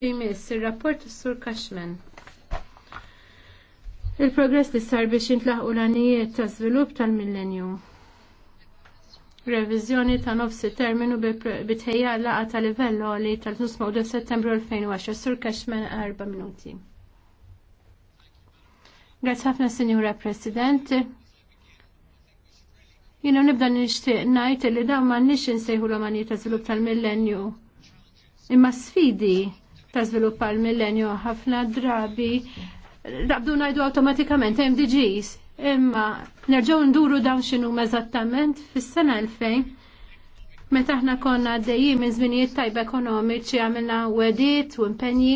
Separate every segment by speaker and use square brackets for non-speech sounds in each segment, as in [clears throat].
Speaker 1: Jmiss, il-rapport s-sur Cashman. Il-progress li sar biex jintlaħqu l-għanijiet ta' żvilupp tal-millenju. Revizjoni ta' nofsi terminu bitħejja laqa ta' livell li tal-29 settembru 2010. Sur Cashman 4 minuti. Grazie ħafna, Sinjura President. Jina nibda nishtiq najt li dawn ma nix nsejħu l-għanijiet ta' żvilupp tal-millenju. Imma sfidi ta' żvilupp l millenju ħafna drabi rabdu ngħidu awtomatikament MDGs imma nerġgħu nduru dawn xinu eżattament fis-sena 2000 meta aħna konna għaddejjin minn żminijiet tajba ekonomiċi għamilna wedit u impenji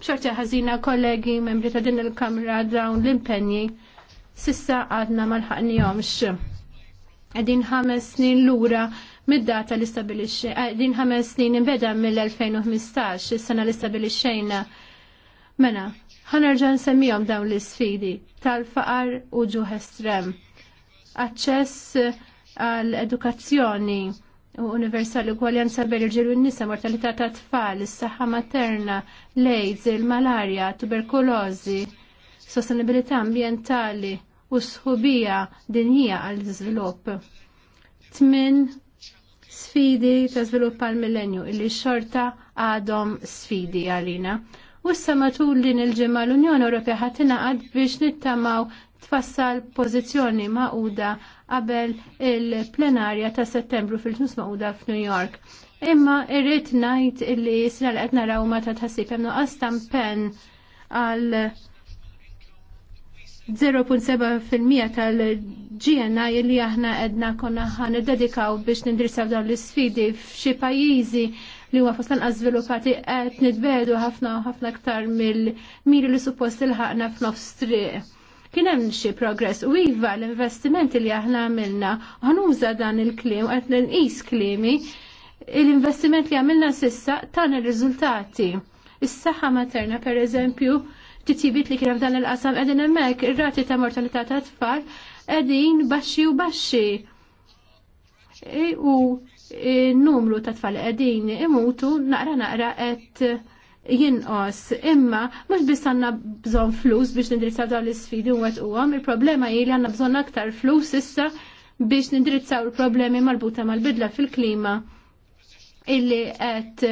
Speaker 1: b'xorti ħażina kollegi membri ta' din il-Kamra dawn l-impenji sissa għadna malħaqnihomx. Qegħdin ħames snin lura mid-data li stabilixxi, eh, din ħames snin inbeda mill-2015, is-sena li stabilixxejna. Mena, ħanerġa' nsemmihom dawn l-isfidi tal-faqar u ġuħ estrem. Aċċess għall-edukazzjoni u universali gwaljanza bejn il-ġiru n-nisa, mortalità ta' tfal, is-saħħa materna, l-AIDS, il-malarja, tuberkulożi, sostenibilità ambjentali u sħubija dinjija għall-iżvilupp. Tmin sfidi ta' żvilupp għal millenju illi xorta għadhom sfidi għalina. U s matul din il-ġimgħa l-Unjoni Ewropea ħatina għad biex nittamaw tfassal pożizzjoni maquda qabel il-plenarja ta' Settembru fil-ġnus maquda f'New York. Imma irrid ngħid illi sra qed raw ma ta' tħassib hemm nuqqas pen għal 0.7% tal-GNI li aħna edna konna ħan dedikaw biex nindrisaw dawn l-sfidi f'xi pajjiżi li huwa fost lanqas żviluppati qed nitbedu ħafna ħafna aktar mill-miri li suppost ilħaqna f'nofs triq. Kien hemm xi progress u iva l-investimenti li aħna għamilna ħanuża dan il-klim qed nqis klimi l-investiment li għamilna sissa tan ir-riżultati. Is-saħħa materna per eżempju titibit li kien dan il-qasam qegħdin hemmhekk ir-rati ta' mortalità ta' tfal qegħdin baxxi u baxxi. E, u n-numru ta' tfal qegħdin imutu naqra naqra qed jinqos imma mhux biss għandna bżonn flus biex nindrizzaw dawn l-isfidi u għom, il-problema hi li għandna bżonn aktar flus issa biex nindrizzaw il-problemi mal-buta mal-bidla fil-klima illi qed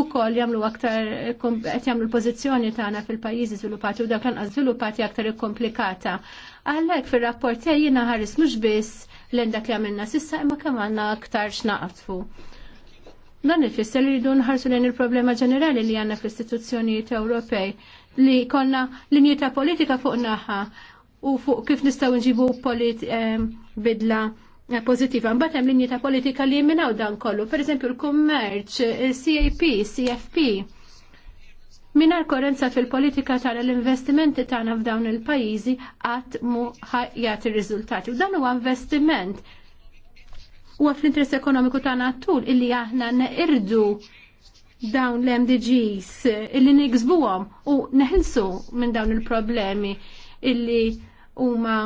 Speaker 1: ukoll jagħmlu għaktar għet jamlu l-pożizzjoni tagħna fil-pajjiżi żviluppati u dak lanqas żviluppati aktar komplikata. Għalhekk fir-rapport jiena ħares mhux biss l dak li għamilna sissa imma kemm għandna aktar x'naqtfu. Dan ifisser li jridu nħarsu lejn il-problema ġenerali li għandna fl-istituzzjonijiet Ewropej li konna linji ta' politika fuq naħa u fuq kif nistgħu nġibu polit eh, bidla Pozitiva, Mbagħad hemm linji ta' politika li jminnaw dan kollu, pereżempju l-kummerċ, il-CAP, CFP. Minar korrenza fil-politika tara l-investimenti tagħna f'dawn il-pajjiżi qatt mu jagħti riżultati. U dan huwa investiment huwa fl-interess ekonomiku tagħna tul illi aħna neqirdu dawn l-MDGs illi niksbuhom u neħilsu minn dawn il-problemi illi huma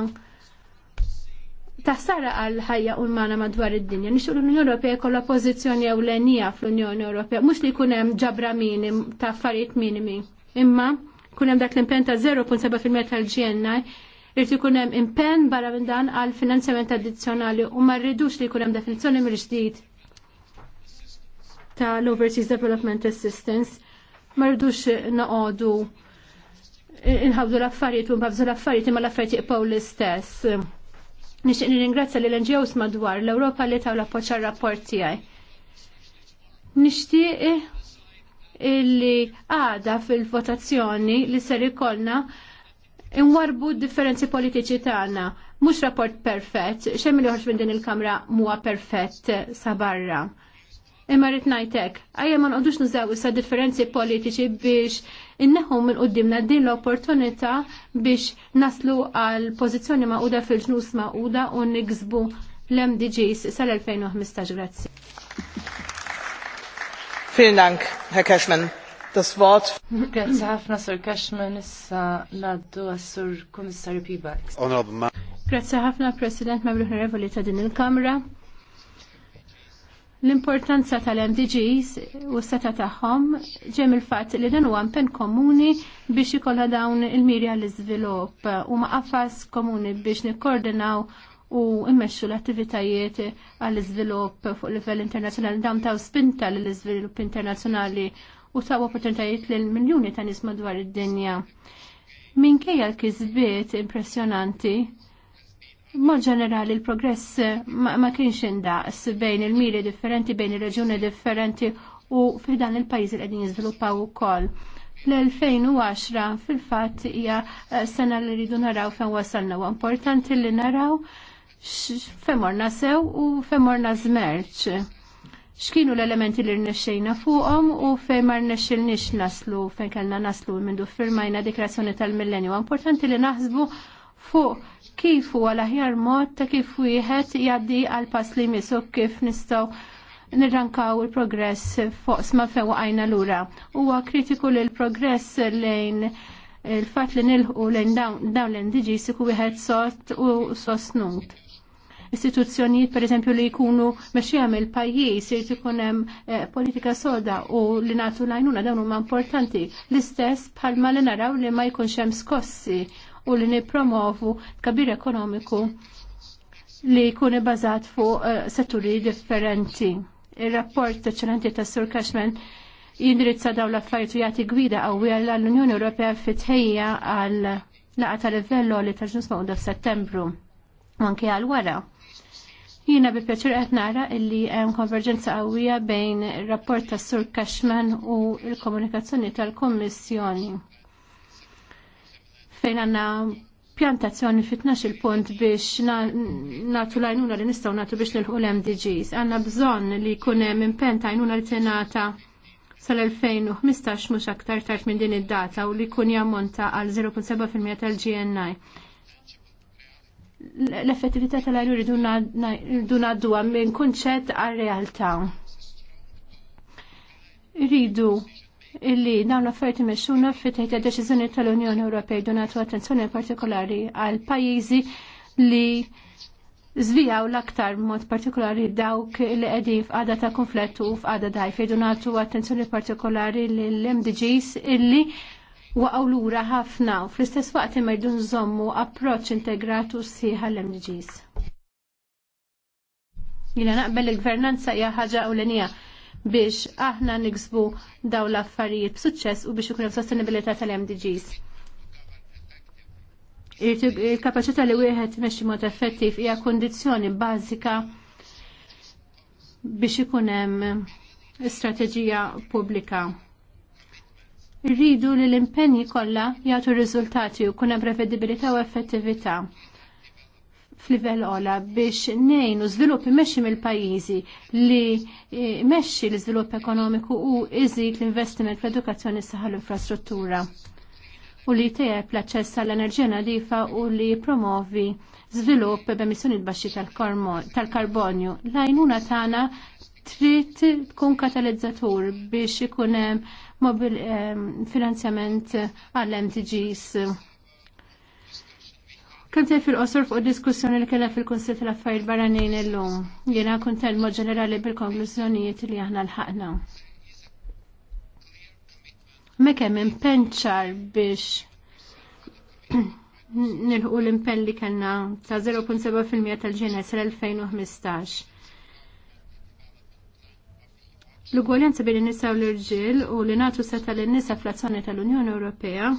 Speaker 1: Tas-sara għal ħajja umana madwar id-dinja. Nix l-Unjoni Ewropea jkollha pożizzjoni ewlenija fl-Unjoni Ewropea, mhux li jkun hemm ġabra minim ta' affarijiet minimi. Imma jkun hemm dak l ta' 0.7% tal-GNI rrid ikun hemm impenn barra minn dan għal finanzjament addizzjonali u ma rridux li jkun hemm definizzjoni mill-ġdid tal-Overseas Development Assistance. Ma rridux noqogħdu inħawdu l-affarijiet u mbabżu l-affarijiet imma l-affarijiet jibqgħu l-istess Nixtieq nirringrazzja l NGOs madwar l-Ewropa li taw l-appoġġ għar-rapport tiegħi. Nixtieq illi għada fil-votazzjoni li ser ikollna inwarbu differenzi politiċi tagħna. Mhux rapport perfett, xemmi li minn din il-kamra huwa perfett sa barra. Imma rrit najtek, għajja ma nqodux nużaw issa differenzi politiċi biex inneħu minn qoddimna din l-opportunità biex naslu għal pożizzjoni maquda fil-ġnus maquda u nigzbu l-MDGs sal-2015. Grazzi.
Speaker 2: Vielen Dank, Herr Cashman. Das Wort.
Speaker 1: Grazie ħafna, Sir Cashman, issa naddu għas-Sur Kommissarju Pibax. Grazie ħafna, President, membri onorevoli ta' din il-Kamra. L-importanza tal-MDGs u s-seta tagħhom ġem il-fatt li dan huwa għampen komuni biex ikollha dawn il-mirja l-iżvilupp u ma' komuni biex nikkoordinaw u immexxu l-attivitajiet għall-iżvilupp fuq livell internazzjonali dawn taw spinta l-iżvilupp internazzjonali u taw opportunitajiet l miljuni ta' nies madwar id-dinja. Minkejja l kizbiet impressjonanti Mod ġenerali, il-progress eh, ma kienx indaqs bejn il-miri differenti, bejn il-reġjuni differenti u fidan il pajiz li qegħdin u ukoll. L-2010 fil-fatt hija eh, sena li rridu naraw fejn wasalna u importanti li naraw femorna sew u femorna żmerċ. X'kienu l-elementi li rnexxejna fuqhom u fejn ma rnexxilniex naslu fejn kellna naslu minn firmajna dekrazzjoni tal-millenju. Importanti li naħsbu fuq kif huwa l-aħjar mod ta' kif wieħed jgħaddi għal pass li misu kif nistgħu nirrankaw il-progress fuq sma fejn waqajna lura. Huwa kritiku li l-progress lejn il-fat li nilħu lejn dawn l-indiġis iku wieħed sot u sostnut. Istituzzjonijiet per eżempju li jkunu mexxija il pajjiż irid ikun hemm eh, politika soda u li nagħtu lajnuna dawn huma importanti. L-istess bħalma li naraw li ma jkunx hemm skossi u li nipromovu kabir ekonomiku li jkun ibbażat fuq eh, setturi differenti. Ir-rapport eċċellenti ta' Sur Cashman jindrizza daw l-affarijiet u jagħti gwida għawija għall-Unjoni Ewropea fitħejja għal laqgħa ta' livell li ta' ġnus mawda f'Settembru u anke għal wara. Jina bi pjaċir qed nara illi hemm konverġenza qawwija bejn ir-rapport tas Sur Cashman u l-komunikazzjoni tal-Kommissjoni fejn għandna pjantazzjoni fit-12 il-punt biex natu lajnuna li nistaw natu biex nilħu l-MDGs. Għanna bżon li kunem impen għajnuna li t-nata sal-2015 mux aktar tard minn din id-data u li kun jammonta għal 0.7% tal-GNI. L-effettività tal-għajnu rridu naddu minn kunċett għal realtà. Ridu illi dawn l-affarijiet imexxuna fit-teħt deċiżjoni tal-Unjoni Ewropea donatu attenzjoni partikolari għal pajjiżi li zvijaw l-aktar mod partikolari dawk li qegħdin f'għada ta' konflett u f'qagħda dajf donatu attenzjoni partikolari lill-MDGs illi waqgħu lura ħafna u fl-istess waqt imejdu nżommu approċċ integratu u għall l-MDGs. Jina naqbel il-gvernanza hija ħaġa ewlenija biex aħna niksbu daw l-affarijiet b'suċċess u biex ikun hemm sostenibilità tal-MDGs. Il-kapaċità li wieħed meċi mod effettiv hija kondizzjoni bażika biex ikun hemm strateġija pubblika. Irridu li l-impenji kollha jagħtu riżultati u kun hemm prevedibilità u effettività f'livell ola biex nejnu żvilupp imexxi mill-pajjiżi li eh, imexxi l-iżvilupp ekonomiku u iżid l-investiment fl-edukazzjoni saħal l-infrastruttura u li tejjeb l-aċċess għall enerġija nadifa u li promovi żvilupp b'emissjoni baxxi tal-karbonju. L-għajnuna tagħna trid tkun katalizzatur biex ikun hemm eh, finanzjament għall-MTGs Kemm tgħid fil-qosor fuq diskussjoni li kellha fil konsil tal-Affarijiet Barranin illum. Jiena kuntent mod ġenerali bil-konklużjonijiet li aħna lħaqna. Mek hemm impenċar biex [clears throat] nilħu l-impenn li kellna ta' 0.7% tal-ġenes l-2015. L-ugwaljanza bejn in-nisa u l-irġiel u li nagħtu seta' lin-nisa fl-azzjoni tal-Unjoni Ewropea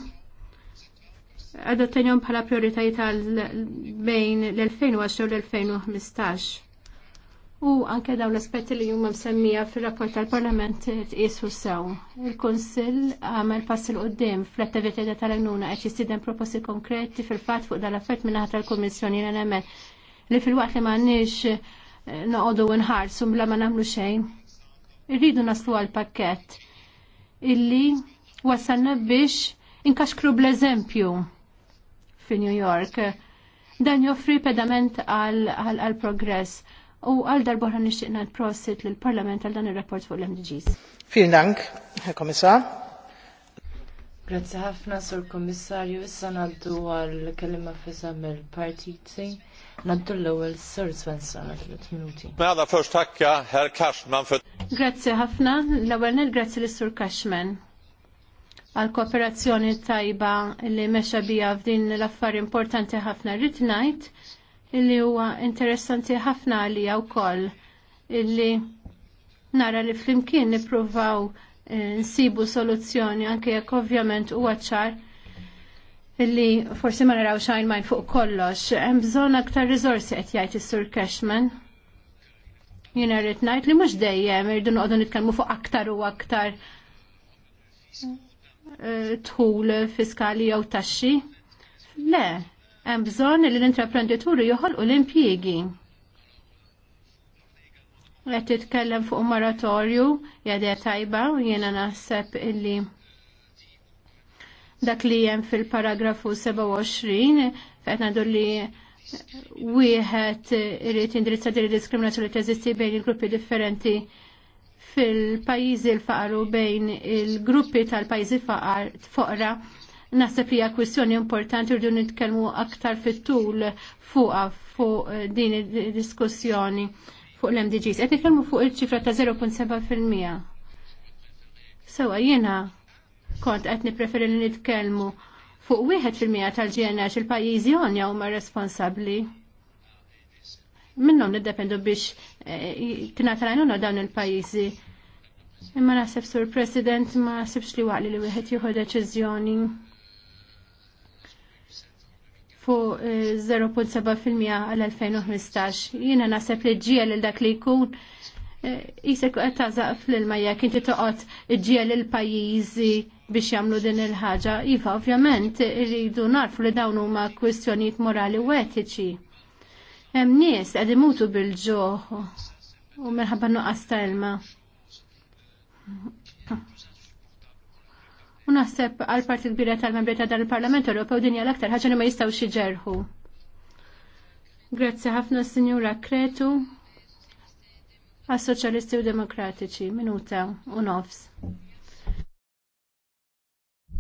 Speaker 1: għadottenjom bħala prioritajiet għal bejn l-2010 u l-2015. U anke daw l-aspetti li huma msemmija fil-rapport tal-Parlament tqisu sew. Il-Kunsill għamel pass l qoddim fl-attività tal-għajnuna għax jistiden proposti konkreti fil-fatt fuq dal-affett minnaħat tal tal-Kummissjoni nemmen li fil-waqt li m'għandniex eh, noqogħdu nħarsu bla ma nagħmlu xejn. Irridu naslu għal pakkett illi wasanna biex inkaxkru bl-eżempju fi New York. Dan joffri pedament għal progress u għal darbohra nixtieqna l-prosit l-Parlament għal dan il rapport fuq l-MDGs. Vielen Dank, Herr Kommissar.
Speaker 3: Grazie ħafna, Sur Kommissarju. Issa naddu għal kelima fisam
Speaker 1: il-partiti. Naddu l ewel Sur Svensson għal 3 minuti.
Speaker 3: Mela first takka uh, Herr Cashman
Speaker 1: Grazie ħafna. l ewel nil grazie l sur Cashman għal kooperazzjoni tajba li meċa bija f'din l-affar importanti ħafna rrit ngħid illi huwa interessanti ħafna għalija wkoll illi nara li flimkien nippruvaw eh, nsibu soluzzjoni anke jekk ovvjament huwa ċar illi forsi ma naraw xajn majn fuq kollox. Hemm bżonn aktar riżorsi qed jgħid is-Sur Cashman. Jiena rrid ngħid li mhux dejjem irdu noqogħdu nitkellmu fuq aktar u aktar Eh, tħul fiskali jew taxxi. Le, hemm bżonn li l-intraprendituri joħolqu l-impjiegi. Qed titkellem fuq moratorju jadher tajba u jiena naħseb illi dak li hemm fil-paragrafu 27 fejn ngħidu li wieħed irid indirizza din id-diskriminazzjoni li teżisti bejn il-gruppi differenti fil-pajizi l-faqar u bejn il-gruppi tal-pajizi faqar foqra naħseb li kwistjoni importanti rridu nitkellmu aktar fit-tul fuqa fuq eh, din id-diskussjoni fuq l-MDGs. Qed nitkellmu fuq il-ċifra ta' 0.7%. Sewa jiena kont qed nippreferi li nitkellmu fuq wieħed fil-mija tal-GNH il-pajjiżi onja huma responsabbli minnhom niddependu biex tingħata eh, għajnuna dawn il-pajjiżi. Imma naħseb sur President ma naħsebx li waqli li wieħed jieħu deċiżjoni fuq 0.7% eh, għal-2015. Jiena naħseb li ġiel il dak li jkun jisek eh, għetta zaqf fl-ilma jekk inti toqgħod ġiel il-pajjiżi biex jagħmlu din il-ħaġa. Iva, ovvjament irridu narfu li dawn huma kwistjonijiet morali u etiċi. Hemm nies qed imutu bil-ġoħ u minħabba nuqqas ta' ilma. U naħseb għal parti kbira tal-membri ta' dan il-Parlament Ewropew dinja l-aktar ħaġa li ma jistgħux jiġerħu. Grazzi ħafna Sinjura Kretu għas soċjalisti u demokratiċi minuta u nofs.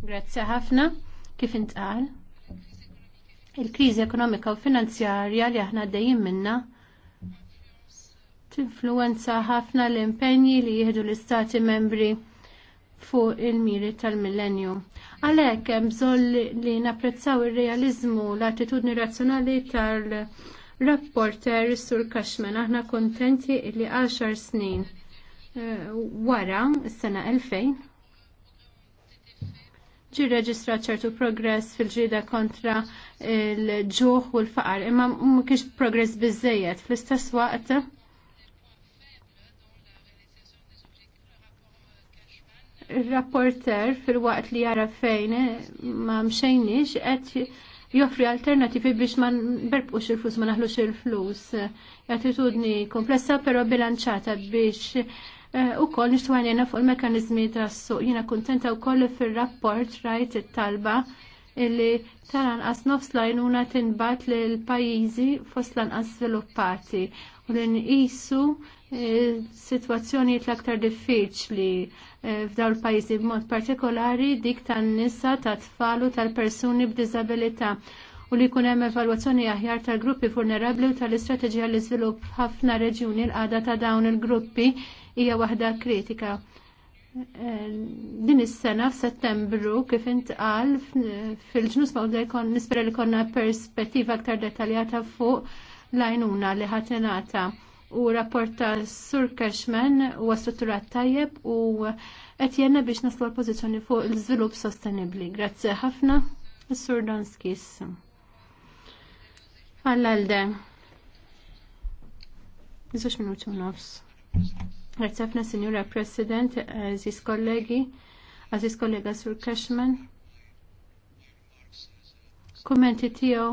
Speaker 1: Grazzi ħafna kif intqal il-kriżi ekonomika u finanzjarja li aħna għaddejjin minna tinfluenza ħafna l-impenji li jieħdu l-istati membri fuq il-miri tal-millenju. Għalhekk hemm bżonn li napprezzaw ir-realiżmu l-attitudni razzjonali tal-rapporter Sur Cashman. Aħna kontenti li għaxar snin eh, wara s-sena 2000 ġi reġistra ċertu progress fil-ġrida kontra il-ġuħ u l-faqar, imma kienx progress bizzejet. Fl-istess waqt, il-rapporter fil-waqt li jara fejn ma mxejnix qed joffri alternativi biex ma berbqux il-flus, ma naħlux il-flus. Attitudni komplessa pero bilanċata biex Eh, u koll nishtuħanjena fuq il-mekanizmi ta' suq. Jina kontenta u koll fil-rapport rajt il-talba illi tal-anqas nofs lajnuna tinbat li l-pajizi fost lanqas sviluppati u li nqisu eh, situazzjoni l-aktar diffiċli eh, f'daw l-pajizi b'mod partikolari dik tan-nisa, ta' tfalu tal-persuni b'disabilità u li kunem evalwazzjoni aħjar tal-gruppi vulnerabli u tal-istrateġija li żvilupp ħafna reġjuni l għada ta' dawn il-gruppi hija waħda kritika. Eh, din is-sena f'Settembru kif intqal fil-ġnus mawda jkun nispera li konna perspettiva aktar dettaljata fuq l-għajnuna li ħatenata u rapport ta' Sur Cashman u strutturat tajjeb u qed jenna biex naslu l-pożizzjoni fuq l-żvilupp sostenibbli. Grazzi ħafna, Sur Donskis. Għall-għalde. Iżax minuti u nofs. Grazzafna, Signora President, Aziz kollegi, Aziz kollega Sur Cashman. Kommenti tiegħu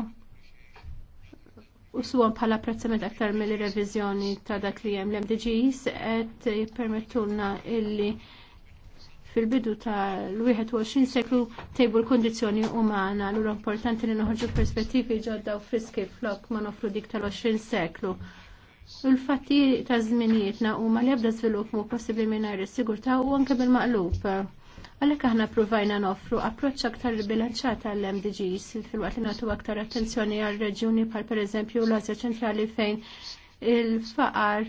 Speaker 1: u suwan bħala aktar mill-revizjoni ta' dak li hemm l-MDGs qed jippermettulna illi fil-bidu ta' l 21 seklu tejbu l-kondizjoni umana l importanti li noħġu perspettivi ġodda u friski flok ma nofru dik tal-20 seklu. Il-fatti ta' żminijietna huma li ebda żvilupp mu possibbli mingħajr is sigurta u anke bil-maqlub. Għalhekk aħna provajna noffru approċċ aktar bilanċat għall mdgs fil-waqt li nagħtu aktar attenzjoni għal reġjuni bħal pereżempju l azja ċentrali fejn il-faqar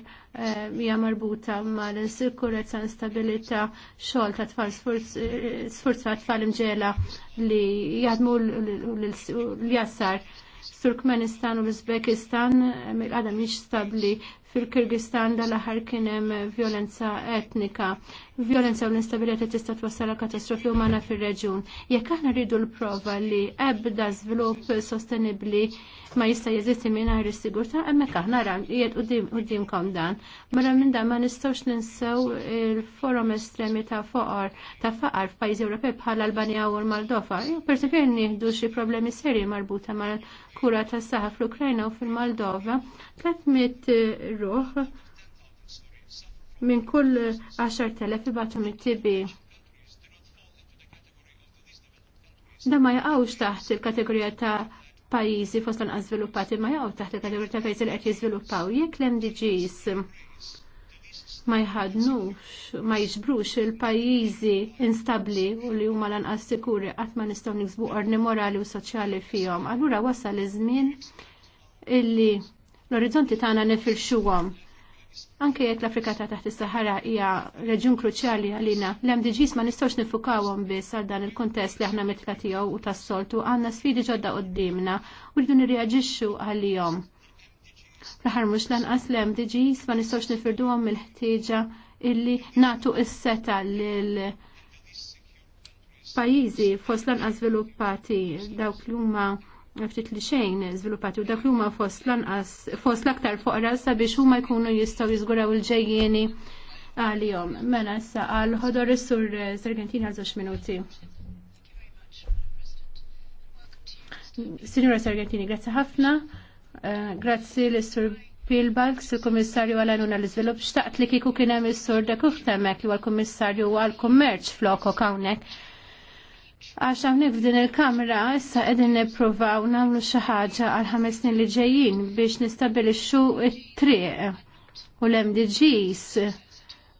Speaker 1: hija marbuta mal-sikurezza instabilità xogħol ta' tfal sforza tfal imġela li jadmu l-jassar Turkmenistan u l-Uzbekistan għadha eh, mhix stabli fil-Kirgistan dal-aħħar kien hemm violenza etnika. Violenza u l-instabilità tista' twassal katastrofi umana fir-reġjun. Jekk aħna rridu l-prova li ebda żvilupp sostenibbli ma jista' jeżisti mingħajr is-sigurtà, hemmhekk aħna qiegħed qudiemkom dan. Mara mela minn dan ma nistgħux ninsew il-forum estremi ta' foqor ta' faqar f'pajjiżi Ewropej bħal Albania u l-Moldova. Persefjer nieħdu xi problemi serji marbuta mal-kura tas-saħħa fl-Ukrajna u fil-Moldova. 300 ruħ minn kull 10,000 ibatu mit-tibi. Da ma jaqgħux taħt il-kategorija ta' pajjiżi fost lanqas żviluppati ma jaqgħu taħt il-kategorija ta' pajjiżi li qed jiżviluppaw jekk l-MDGs ma jħadnux, ma jiġbrux il-pajjiżi instabbli u li huma lanqas sikuri qatt ma nistgħu niksbu ordni morali u soċjali fihom. Allura wasal iż-żmien illi l-orizzonti tagħna nifirxuhom. Anke jekk l-Afrika ta' taħt is-Sahara hija reġjun kruċjali għalina, l-MDGs ma nistgħux nifukawhom biss għal dan il-kuntest li aħna mitla tiegħu u tas-soltu għandna sfidi ġodda qudiemna u rridu nirreaġixxu għalihom. L-aħħar mhux lanqas l-MDGs ma nistgħux nifirduhom mill-ħtieġa illi natu is-seta lil pajjiżi fost lanqas żviluppati dawk li huma ftit li xejn żviluppati u dak li huma fost lanqas fost l-aktar foqra sabiex huma jkunu jistgħu jiżguraw il-ġejjieni għalihom. Mela issa għal ħodor is-sur eh, Sargentina għal żewġ minuti. Signora Sargentini, grazzi ħafna. Eh, grazzi l-sur Pilbalks, il kommissarju għal-Għanuna l-Izvilup, xtaqt li kiku kienem il-sur da kuftemek li għal kommissarju għal-Kommerċ floko kawnek għax hawnhekk f'din il-kamra issa qegħdin nippruvaw nagħmlu xi ħaġa għal ħames snin li ġejjin biex nistabilixxu t-triq u l-MDGs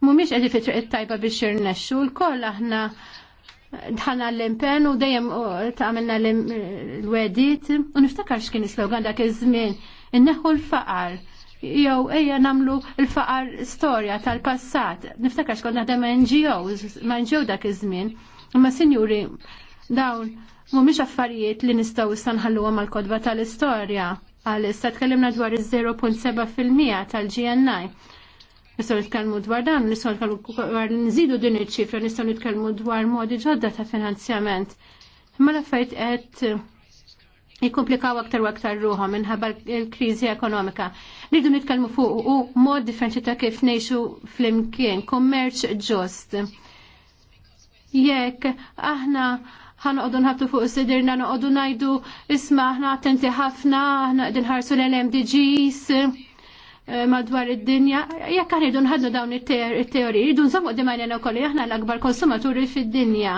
Speaker 1: mhumiex qegħdin fit triq it-tajba biex jirnexxu l-koll aħna dħana l-impen u dejjem tagħmilna l-wedit u niftakar x'kien is-slogan dak iż-żmien inneħu l-faqar jew ejja namlu l-faqar storja tal-passat. Niftakar xkont naħdem NGOs, ma' NGO dak iż-żmien. Ma' sinjuri, Dawn mhumiex affarijiet li nistgħu issa nħalluhom mal kodba tal-istorja għal issa tkellimna dwar iż-0.7% tal-GNI. Nistgħu nitkellmu dwar dan, nistgħu nitkellmu dwar nżidu din iċ-ċifra, nistgħu nitkellmu dwar modi ġodda ta' finanzjament. Imma l-affarijiet qed jikkomplikaw aktar u aktar ruħom minħabba l-kriżi ekonomika. Rridu nitkellmu fuq u mod differenti ta' kif ngħixu flimkien, kummerċ ġust jekk aħna ħanqodu nħabtu fuq sidirna noqodu najdu isma aħna attenti ħafna, aħna qegħdin ħarsu l mdgs eh, madwar id-dinja, jekk aħna jridu nħadnu dawn it-teori, jridu nżommu d-dimajnina kolli, aħna l-akbar konsumaturi fid-dinja.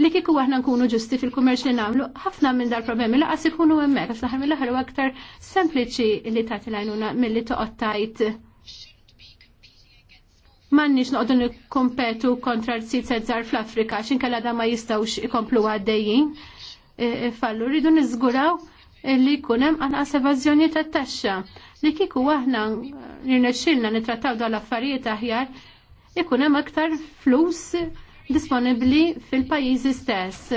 Speaker 1: Li kiku aħna nkunu ġusti fil-kummerċ li namlu, ħafna minn dar problemi laqas ikunu hemmhekk, għax l-aħħar mill aktar sempliċi li tagħti lajnuna milli li toqottajt. Mannix noqdu nikkompetu kontra l-sit sezzar fl-Afrika, kalla da ma jistawx ikomplu għaddejjin. E, e, fallu, rridu nizguraw li kunem għanqas evażjoni ta' taxxa li kiku aħna nirnexxilna nitrattaw l affarijiet aħjar ikun hemm aktar flus disponibbli fil-pajjiżi stess.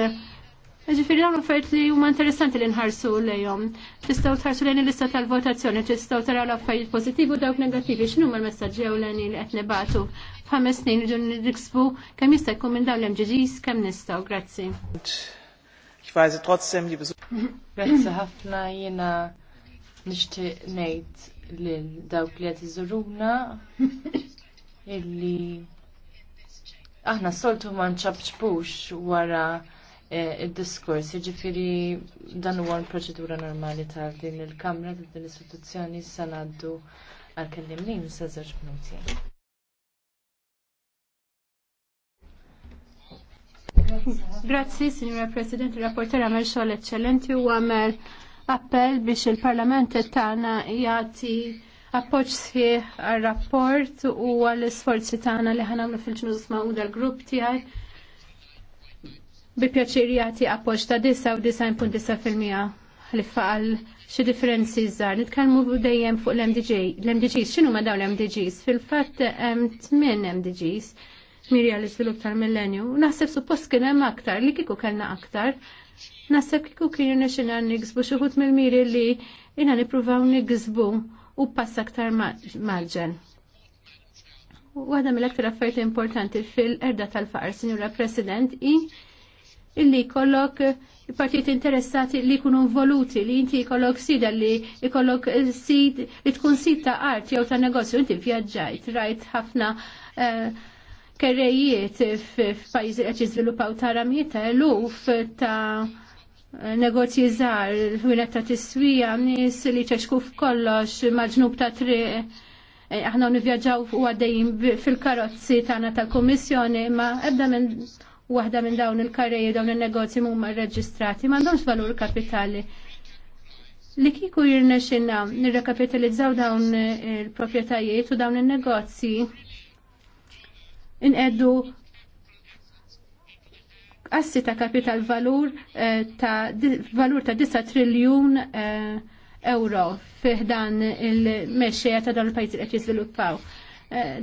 Speaker 1: Ġifiri dawn affarijiet li huma interessanti li nħarsu lejhom. Tistgħu tħarsu lejn il-lista tal-votazzjoni, tistgħu taraw l-affarijiet pożittivi u dawk negattivi, x'inhu l-messaġġi ewleni li qed nibatu. F'ħames snin irridu niksbu kemm jista' jkun minn dawn l-MGGs kemm nistgħu. Grazzi.
Speaker 2: Kważi trotzdem li
Speaker 1: Grazzi
Speaker 3: ħafna jiena nixtieq ngħid lil dawk li qed iżuruna illi aħna soltu ma nċabċbux wara Eh, id-diskors, jiġifieri dan huwa l-proċedura normali ta' din il-Kamra ta' din l-istituzzjoni se ngħaddu għal kellimnin sa'
Speaker 1: żewġ minuti. Grazzi, Signora President, il-rapporter għamel xogħol eċċellenti u għamel appell biex il-Parlament tagħna jagħti appoċ sħiħ għal-rapport u għal-sforzi isforzi tagħna li ħanamlu fil-ġnus ma' grupp tiegħi bi pjaċiri jagħti appoġġ ta' 99.9% li faqal xi differenzi żgħar. Nitkellmu dejjem fuq l-MDG, l-MDGs, xinu ma dawn l-MDGs? Fil-fatt hemm tmien MDGs mirja li żvilupp tal-millenju. Naħseb suppost kien hemm aktar li kieku kellna aktar. Naħseb kieku kienu nexxina niksbu nigzbu ħut mill-miri li jiena nippruvaw niksbu u pass aktar marġen. Waħda mill-aktar affarijiet importanti fil-erda tal-faqar, Sinjura President, i illi kollok partijiet interessati li jkunu voluti li inti jkollok sida li jkollok sid li tkun sid ta' art jew ta' negozju, inti vjaġġajt, rajt ħafna eh, kerrejiet f'pajjiżi qed jiżviluppaw tara mieta eluf ta' negozji żgħar, wienet ta' tiswija, nies li ċexku f'kollox, maġnub ta' triq. Eh, aħna nivvjaġġaw u għaddejjin fil-karozzi tagħna tal-Kummissjoni, ma ebda minn waħda minn dawn il-karreji dawn il-negozji huma rreġistrati m'għandhomx valur kapitali. Li kieku xinna nirrekapitalizzaw dawn il-proprjetajiet u dawn il-negozji ineddu assi ta' kapital valur eh, ta' valur ta' 9 triljun eh, euro fiħdan il-mexxejja ta' dawn il pajjiżi qed jiżviluppaw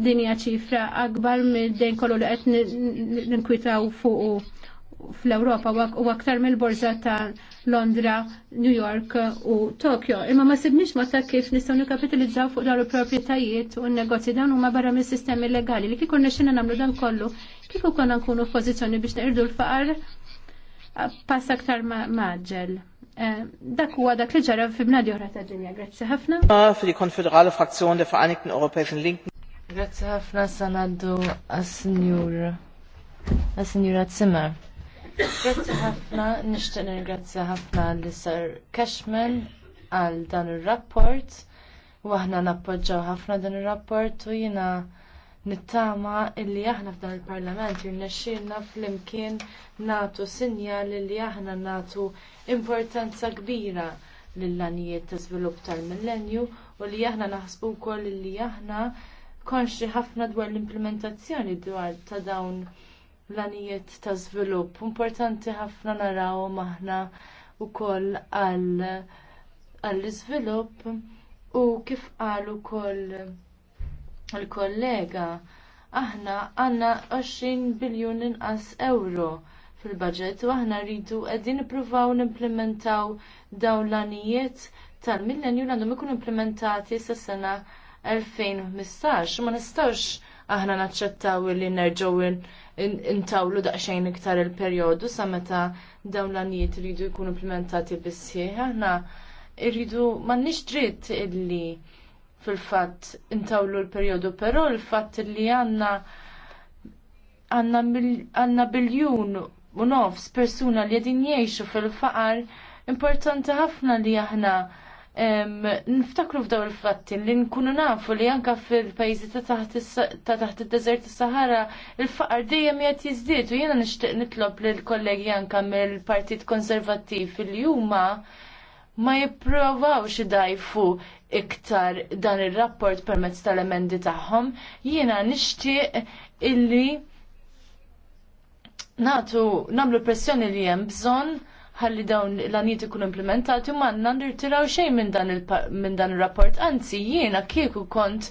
Speaker 1: dinja ċifra akbar minn dejn kollu li qed ninkwitaw fuq fl-Ewropa u aktar mill-borza ta' Londra, New York u Tokyo. Imma ma sibniex ma ta' kif nistgħu nikkapitalizzaw fuq dawn il-proprjetajiet u n-negozji dawn huma barra mis-sistemi legali li kieku nexxina nagħmlu dan kollu, kieku konna nkunu f'pożizzjoni biex nerdu l-faqar pass aktar maġġel. Eh, dak huwa dak li ġara fi bnadi oħra ta' dinja. Grazzi ħafna. Für konfederali Frazzjoni der Vereinigten Europäischen Linken
Speaker 3: Grazzi ħafna sanaddu għas-Sinjur. Għas-Sinjura Zimmer. Grazzi ħafna, nishtiq nirgrazzi ħafna l sar Cashman għal dan ir-rapport. U aħna nappoġġaw ħafna dan ir-rapport u jiena nittama illi aħna f'dan il-Parlament jirnexxilna fl-imkien nagħtu sinjal li aħna nagħtu importanza kbira lill-lanijiet ta' żvilupp tal-millenju u li aħna naħsbu wkoll li aħna konxi ħafna dwar l-implementazzjoni dwar ta' dawn l-anijiet ta' żvilupp. Importanti ħafna naraw maħna wkoll għall-iżvilupp u kif qal ukoll l kollega aħna għandna 20 biljun inqas euro fil-budget u aħna rridu qegħdin n-implementaw dawn l-anijiet tal-millenju għandhom ikunu implementati sas-sena 2015 ma nistawx aħna naċċettaw li nerġgħu intawlu daqsxejn iktar il-perjodu sa meta dawn l-anijiet iridu jkunu implementati bissieħ. Aħna irridu m'għandniex dritt illi fil-fatt intawlu l-perjodu, però l-fatt li għandna għanna biljun u nofs persuna li għedin jiexu fil-faqar, importanti ħafna li aħna niftakru f'daw il-fatti li nkunu nafu li anka fil-pajjiżi ta' taħt id-deżert is-Sahara il-faqar dejjem qed jizdiet u jiena nixtieq nitlob l kollegi anka mill-Partit Konservattiv il Juma ma jipprovawx dajfu iktar dan ir-rapport permezz tal-emendi tagħhom. Jiena nixtieq illi natu namlu pressjoni li hemm bżonn ħalli dawn l-għaniet ikun implementati ma nandir tiraw xejn minn dan il-rapport. Anzi, jiena kieku kont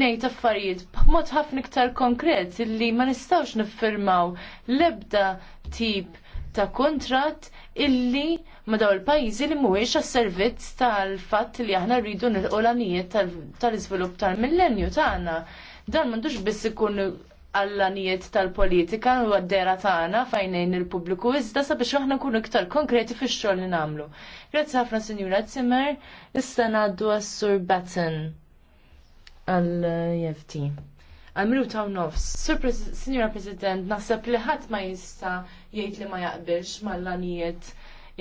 Speaker 3: nejt affarijiet b'mod ħafna iktar konkret illi ma nistawx niffirmaw lebda tip ta' kontrat illi ma daw il-pajizi li mhuwiex għas-servizz tal-fatt li aħna rridu nil l tal izvilupp tal-millenju tagħna. Dan m'għandux biss ikun għallanijiet tal-politika u għaddera tagħna fajnejn il-pubbliku iżda sabiex aħna nkunu iktar konkreti fix-xogħol li nagħmlu. Grazzi ħafna Sinjura Zimmer, issa ngħaddu għas-Sur Batten għall-EFT. Għamilu ta' nofs. Signora President, naħseb li ħadd ma jista' jgħid li ma jaqbilx mal-lanijiet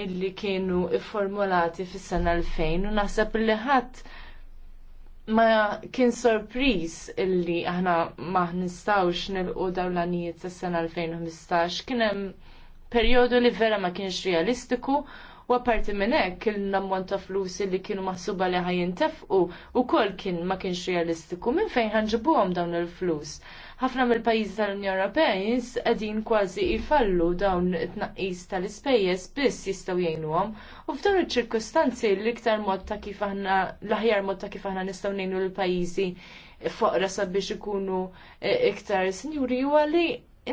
Speaker 3: illi kienu formulati fis-sena 2000 u naħseb li ħadd ma kien sorpris illi aħna ma nistawx nilqu dawlanijiet tas sena 2015 kien hemm perjodu li vera ma kienx realistiku u għaparti minn hekk il ammont ta' flusi li kienu maħsuba li u ukoll kien ma kienx realistiku minn fejn ħanġibuhom dawn il-flus. Ħafna mill-pajjiżi tal-Unjoni Ewropea qegħdin kważi jfallu dawn it-tnaqqis tal-ispejjeż biss jistgħu jgħinuhom u f'dawn iċ-ċirkostanzi l-iktar mod ta' kif aħna l-aħjar mod ta' kif aħna nistgħu ngħinu l-pajjiżi foqra sabiex ikunu e, iktar sinjuri huwa li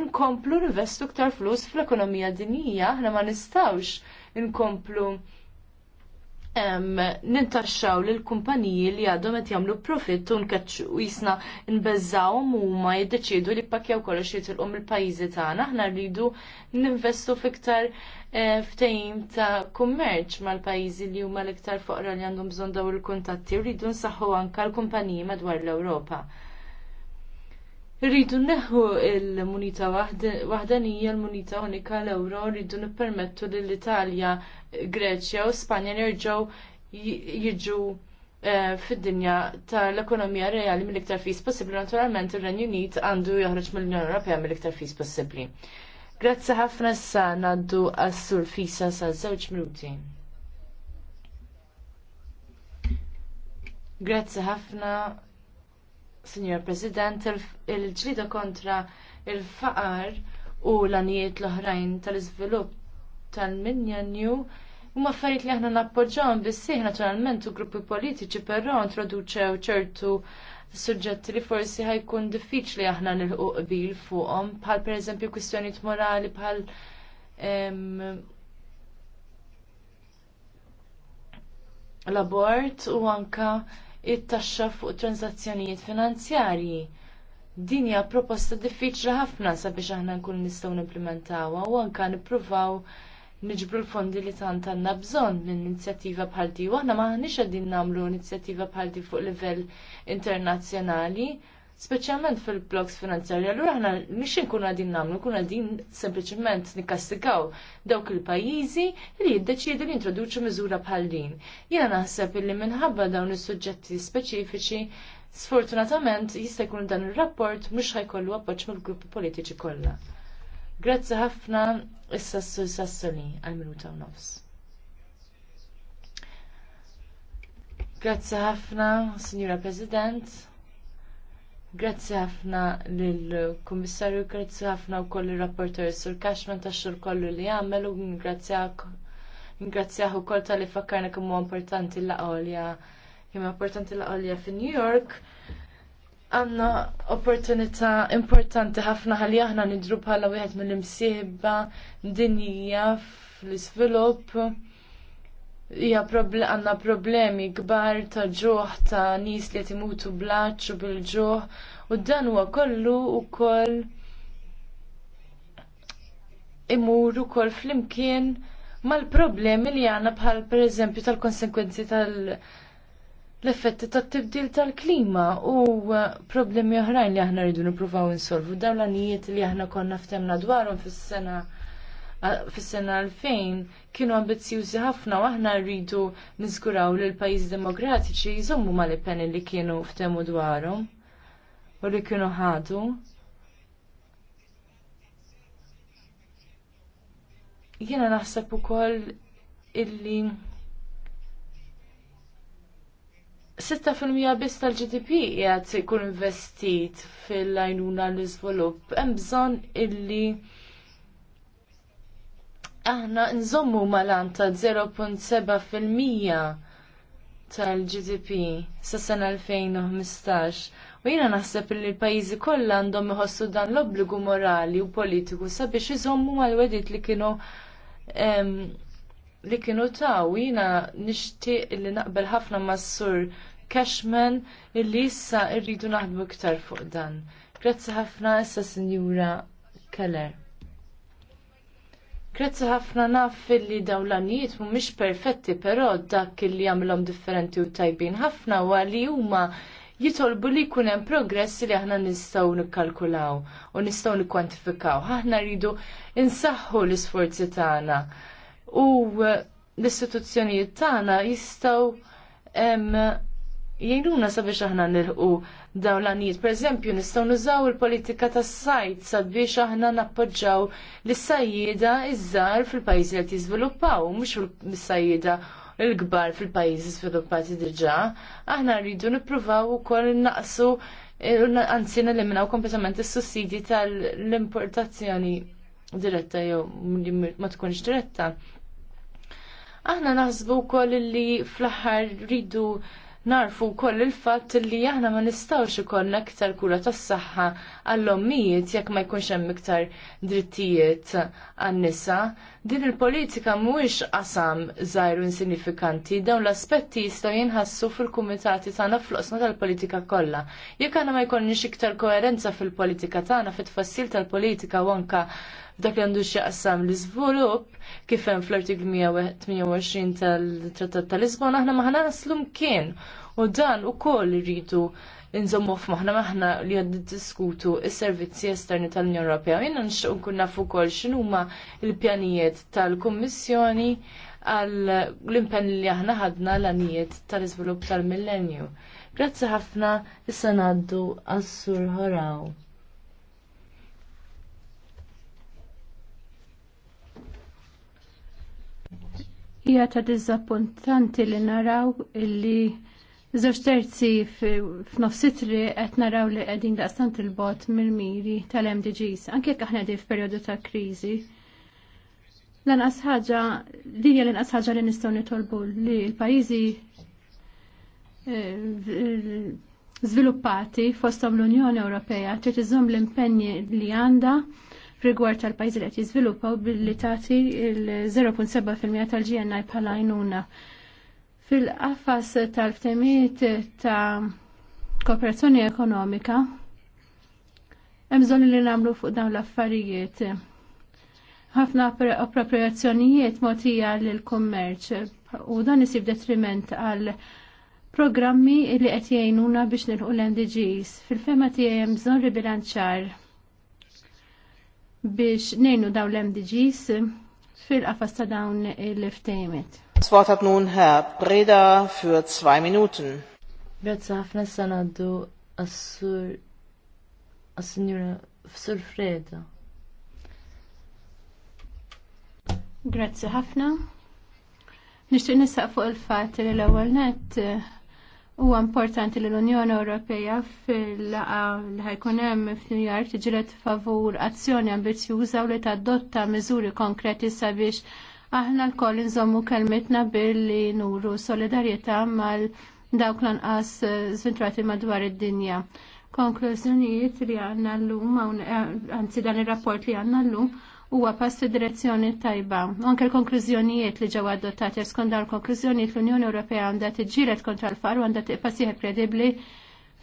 Speaker 3: inkomplu nivestu iktar flus fl-ekonomija dinija, aħna ma nistawx nkomplu nintaxxaw lil kumpaniji li għadhom qed jagħmlu profitt u nkaċċu jisna nbeżżawhom huma jiddeċiedu li ppakjaw kollox jitilqu mill-pajjiżi tagħna. Aħna rridu ninvestu fiktar eh, ftehim ta' kummerċ mal-pajjiżi li huma l-iktar foqra li għandhom bżonn daw il-kuntatti u rridu nsaħħu anke l-kumpaniji madwar l-Ewropa rridu neħu il-munita nija l munita unika l-euro, rridu nippermettu li l-Italja, Greċja u Spanja nerġaw jiġu eh, fid-dinja tal-ekonomija reali mill-iktar fis possibbli, naturalment ir-Renju Unit għandu joħroġ mill-Unjoni Ewropea mill-iktar fis possibbli. Grazzi ħafna sa naddu għas-sur fisa sa' zewċ minuti. Grazzi ħafna Signor President, il-ġlida kontra il-faqar u l-anijiet l-oħrajn tal izvilup tal-minjanju huma affarijiet li aħna nappoġġawhom bissieħ naturalment u gruppi politiċi però introduċew ċertu suġġetti li forsi ħajkun diffiċli aħna nilħu qbil fuqhom, bħal pereżempju kwistjonijiet morali, bħal l-abort u anka it-taxxa fuq transazzjonijiet finanzjarji. Din hija proposta diffiċli ħafna sabiex aħna nkun nistgħu nimplementawha u anke nippruvaw niġbru l-fondi li tant għandna bżonn minn inizjattiva bħal di. Aħna aħniex qegħdin nagħmlu inizjattiva bħal di fuq livell internazzjonali, speċjalment fil-blogs finanzjarji, allura aħna mhix inkun għadin nagħmlu, kun għadin sempliċement nikkastikaw dawk il-pajjiżi li jiddeċiedu li introduċu miżura bħal din. Jiena naħseb illi minħabba dawn is-suġġetti speċifiċi sfortunatament jista' jkun dan ir-rapport mhux ħajkollu appoġġ mill-gruppi politiċi kollha. Grazzi ħafna issa s Sassoni għal-minuta u nofs. Grazzi ħafna, Signora President. Grazzi ħafna lill-Kummissarju, grazzi ħafna wkoll il rapporter sur Cashman ta' xur kollu li għamelu, grazzi ngrazzjah ukoll tal-li fakkarna kemm huwa importanti l-għolja. Kemm importanti l-għolja fi New York. Għanna opportunità importanti ħafna ħalli aħna nidru bħala wieħed mill-imsieħba dinjija fl-iżvilupp hija għandna problemi kbar ta' ġuħ ta' nis li timutu b'laċċu bil-ġuħ u dan huwa kollu wkoll imur ukoll flimkien mal-problemi li għandna bħal pereżempju tal-konsekwenzi tal- l-effetti tat tibdil tal-klima u uh, problemi oħrajn li aħna rridu nippruvaw insolvu dawn l-anijiet li aħna konna ftemna dwarhom fis-sena fis-sena 2000 kienu ambizzjużi ħafna u aħna rridu niżguraw li l-pajjiż demokratiċi jżommu ma li ipen li kienu ftemu dwarhom u li kienu ħadu. Jiena naħseb ukoll illi fil-mija biss tal-GDP jgħat ikun investit fil-lajnuna l-izvolup. Hemm bżonn illi aħna nżommu malan ta' 0.7% tal-GDP sa' sena 2015. U jina naħseb li l-pajizi kollha għandhom iħossu dan l-obbligu morali u politiku sabiex iżommu mal-wedit li kienu li kienu taw jina nixtieq li naqbel ħafna mas-sur Cashman illi issa rridu naħdmu iktar fuq dan. Grazzi ħafna issa Sinjura Keller. Grazzi ħafna naf li dawlanijiet mhumiex perfetti, però dak li jagħmilhom differenti u tajbin ħafna huwa li huma jitolbu li jkun hemm progress li aħna nistgħu nikkalkulaw u nistgħu nikkwantifikaw. Aħna rridu insaħħu l-isforzi tagħna. U l-istituzzjonijiet tagħna jistgħu jgħinuna sabiex aħna nilħu dawn l-għanijiet. Per eżempju, nistaw nużaw il-politika tas sajt sabiex aħna nappoġġaw l-sajjida iż-żar fil-pajjiżi li jiżviluppaw, mhux fil-sajjida l-kbar fil-pajjiżi żviluppati diġà. Aħna rridu nippruvaw ukoll naqsu anzi neliminaw kompletament is-sussidji tal-importazzjoni diretta jew ma tkunx diretta. Aħna naħsbu wkoll li fl-aħħar rridu narfu wkoll il-fatt li aħna ma nistawx ikollna iktar kura tas-saħħa għall-ommijiet jekk ma jkunx hemm iktar drittijiet għan-nisa. Din il-politika mhuwiex qasam żgħir insignifikanti, dawn l-aspetti jistgħu jinħassu fil-kumitati tagħna fl-qosma tal-politika kollha. Jekk aħna ma jkollniex iktar koerenza fil-politika tagħna fit-tfassil tal-politika u Dak li għandu x'jaqsam l-iżvolup kif hemm fl-artiklu 128 tal-Trattat tal-Lisbona aħna maħna naslu mkien u dan ukoll rridu nżommu f'maħna maħna li għaddi diskutu il-servizzi esterni tal-Unjoni Ewropea. Jena nxuq nkun nafu kol x'inhuma il-pjanijiet tal-Kummissjoni għal l-impenn li aħna ħadna l-anijiet tal-iżvilupp tal-millenju. Grazzi ħafna issa ngħaddu
Speaker 1: għas-Sur Horaw. Hija ta' diżappuntanti li naraw illi Zoċ terzi f'nofsitri qed naraw li qegħdin daqstant il-bot mill-miri tal-MDGs, anke jekk aħna qegħdin f'perjodu ta' kriżi. Lanqas ħaġa li hija l-inqas ħaġa li nistgħu nitolbu li l-pajjiżi żviluppati eh, eh, fosthom l-Unjoni Ewropea trid iżżomm l-impenni li għandha rigward tal-pajzi li qed jiżviluppaw billi tagħti l 07 tal-GNI bħala għajnuna. Fil-qafas tal-ftemiet ta' kooperazzjoni ekonomika hemm bżonn li nagħmlu fuq dawn l-affarijiet. Ħafna appropriazzjonijiet mogħtija lill-kummerċ u dan isib detriment għal programmi li qed jgħinuna biex nilħu l-NDGs. Fil-fema tiegħi hemm bżonn ribilanċar biex nejnu daw l-MDGs fil-qafas ta' dawn il-ftejmet.
Speaker 2: Sfortat nun ħab Breda für 2 Minuten.
Speaker 1: Grazie ħafna sanaddu assur assinjura f'sur Freda. Grazie ħafna. Nixtieq nisaq fuq il fat li l ewel net Huwa importanti li l-Unjoni Ewropea fil-laqa li ħajkun hemm f'New York tiġret favur azzjoni ambizjuża u li tadotta miżuri konkreti sabiex aħna lkoll inżommu kelmitna billi nuru solidarjetà mal dawk lanqas żventrati eh, madwar id-dinja. Konklużjonijiet li għandna llum, eh, anzi dan ir-rapport li għandna llum, huwa pass id direzzjoni tajba. Anke l-konklużjonijiet li ġew adottati skont dawn il konklużjonijiet l-Unjoni Ewropea għandha tiġġieled kontra l far u għandha tibqa' sieħeb kredibbli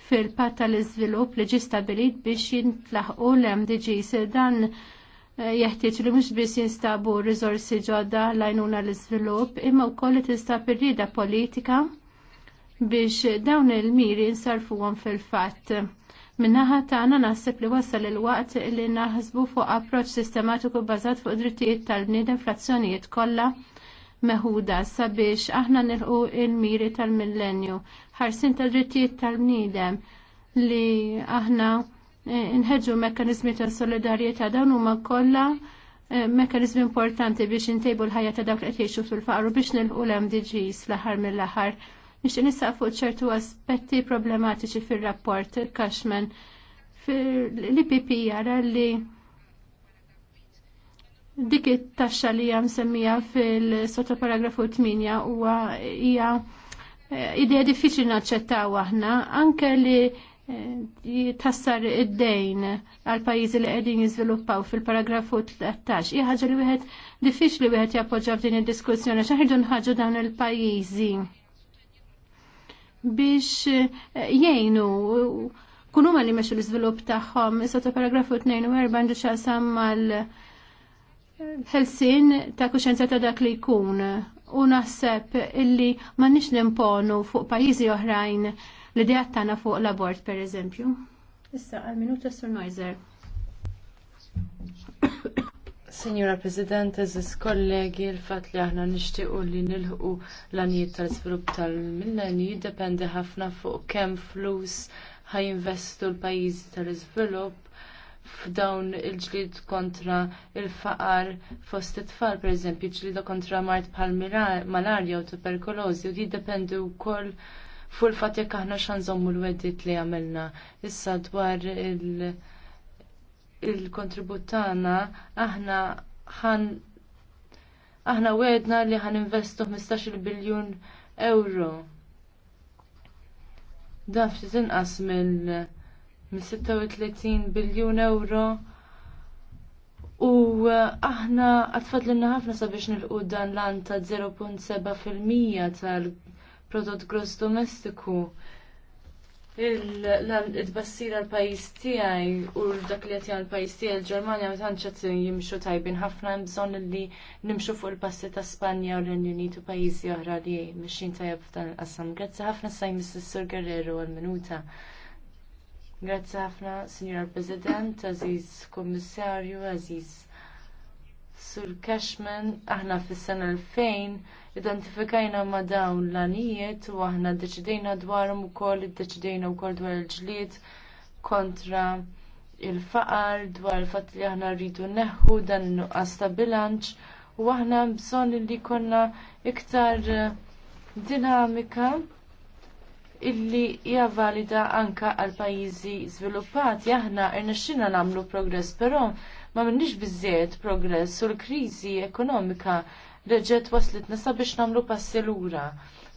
Speaker 1: fil-patt tal-iżvilupp li ġi stabilit biex jintlaħqu l-MDGs. Dan eh, jeħtieġ li mhux biss jinstabu riżorsi ġodda lajnuna l-iżvilupp, imma wkoll li tinstab irrieda politika biex dawn il-miri nsarfuhom fil-fatt Minnaħa tagħna naħseb li wasal il-waqt li naħsbu fuq approċċ sistematiku bbażat fuq drittijiet tal-bniedem frazzjonijiet kollha meħuda sabiex aħna nilqu il-miri tal-millenju. Ħarsin tal-drittijiet tal-bniedem li aħna eh, nħedġu mekkanizmi ta' solidarjetà dawn huma kollha eh, mekkanizmi importanti biex intejbu l-ħajja ta' dawk li qed jgħixu fil-faqru biex nilqu l-MDGs fl-aħħar mill-aħħar. Nixtieq nisaq fuq ċertu aspetti problematiċi fir-rapport Cashman fil-IPP jara li dik it-taxxa li hija msemmija fil-sottoparagrafu 8 huwa hija eh, idea diffiċli naċċettaw aħna anke li eh, jitassar id-dejn għal pajjiżi li qegħdin jiżviluppaw fil-paragrafu 13. Hija ħaġa li wieħed diffiċli wieħed jappoġġa f'din id-diskussjoni x'aħirdu nħaġġu dawn il-pajjiżi biex eh, jgħinu kunu ma li meċu l-izvilup taħħom. sotto paragrafu 42 ġu xasam mal eh, ħelsin ta' kuxenza ta' dak li jkun. U naħseb illi ma nix nimponu fuq pajizi oħrajn li dijat tana fuq l-abort per eżempju. Issa, għal-minuta sur Noizer. Signora
Speaker 3: President, eżis kollegi, il-fat li aħna nixtiequ li nilħu l-anijiet tal-svilupp tal millenni jiddependi ħafna fuq kemm flus ħajinvestu l-pajjiżi tal-iżvilupp f'dawn il-ġlid kontra il-faqar fost it-tfal, pereżempju, ġlida kontra mart bħal malarja u tuberkulożi u jiddependi wkoll fuq il-fatt jekk aħna x'anżommu l-weddit li għamilna issa dwar il- il-kontribut tagħna aħna ħan aħna wedna li ħan investu 15 biljun euro. Da ftit inqas mill 36 biljun euro u uh, aħna l-inna ħafna sabiex nilqu dan l anta ta' 0.7% tal-prodott gross domestiku il-tbassira l-pajis tijaj u dak li għatjan l-pajis tijaj l-ġermania ma tanċet jimxu tajbin ħafna bżon li nimxu fuq il-passi ta' Spanja u l-Unitu pajizi oħra li mxin tajab f'dan il-qassam. Grazzi ħafna sajn mis sessur Guerrero għal-minuta. Grazzi ħafna, Signor President, Aziz Kommissarju, Aziz Sur Cashman, aħna fis-sena 2000 identifikajna ma dawn l-anijiet u aħna deċidejna dwarhom ukoll iddeċidejna wkoll dwar il-ġlied kontra il-faqar dwar il-fatt li aħna rridu neħħu dan in-nuqqas ta' bilanċ u aħna bżonn li konna iktar eh, dinamika illi hija valida anka għal pajjiżi żviluppati aħna rnexxina nagħmlu progress, però ma m'inniex biżżejjed progress u l-kriżi ekonomika reġgħet waslitna sabiex nagħmlu passi lura.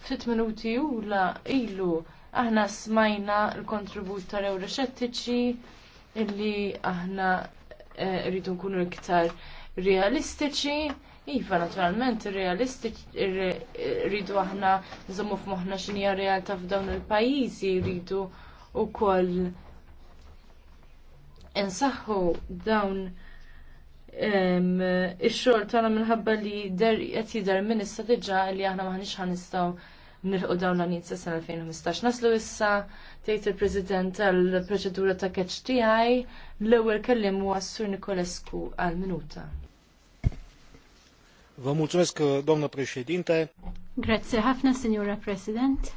Speaker 3: Ftit minuti la ilu aħna smajna l-kontribut tal reċettiċi illi aħna eh, rridu nkunu iktar realistiċi. Iva, naturalment, realistiċi rridu aħna nżommu f'moħħna x'inija realtà f'dawn il-pajjiżi, rridu koll. insaħħu dawn ix-xogħol tagħna minħabba li der qed jidher minn issa diġà li aħna maħniex ħanistgħu nilħu dawn l anijiet sa sena 2015. Naslu issa tgħid il-President tal-proċedura ta' catch tiegħi l-ewwel kellim huwa Sur Nikolescu għal minuta.
Speaker 1: Vă mulțumesc, doamnă președinte. Grazie ħafna, Signora President.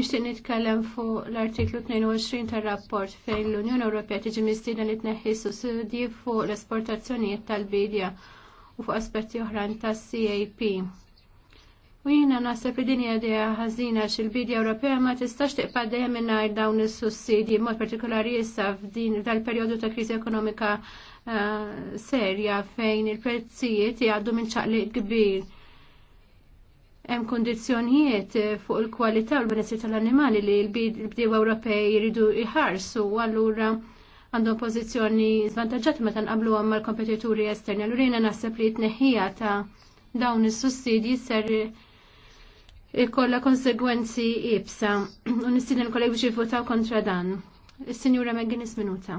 Speaker 1: Nixtieq nitkellem fuq l-artiklu 22 tar-rapport fejn l-Unjoni Ewropea tiġi mistiedna li tneħħi sussidji fuq l-esportazzjonijiet tal-bidja u fuq aspetti oħrajn tas-CAP. U jiena naħseb li din idea ħażina x'il-bidja Ewropea ma tistax tiqbad dejjem mingħajr dawn is-sussidji mod partikolari issa f'din dal-perjodu ta' kriżi ekonomika eh, serja fejn il-prezzijiet jgħaddu minn ċaqliq kbir hemm kondizzjonijiet eh, fuq il-kwalità u l benessri tal-annimali li l-bdew Ewropej jridu jħarsu u allura għandhom pożizzjoni żvantaġġati meta nqablu għamma l-kompetituri esterni. Allura jiena naħseb li t neħija ta' dawn is-sussidji ser ikolla konsegwenzi ibsa. U nistina l-kollegi biex jivvotaw kontra dan. Is-Sinjura McGuinness minuta.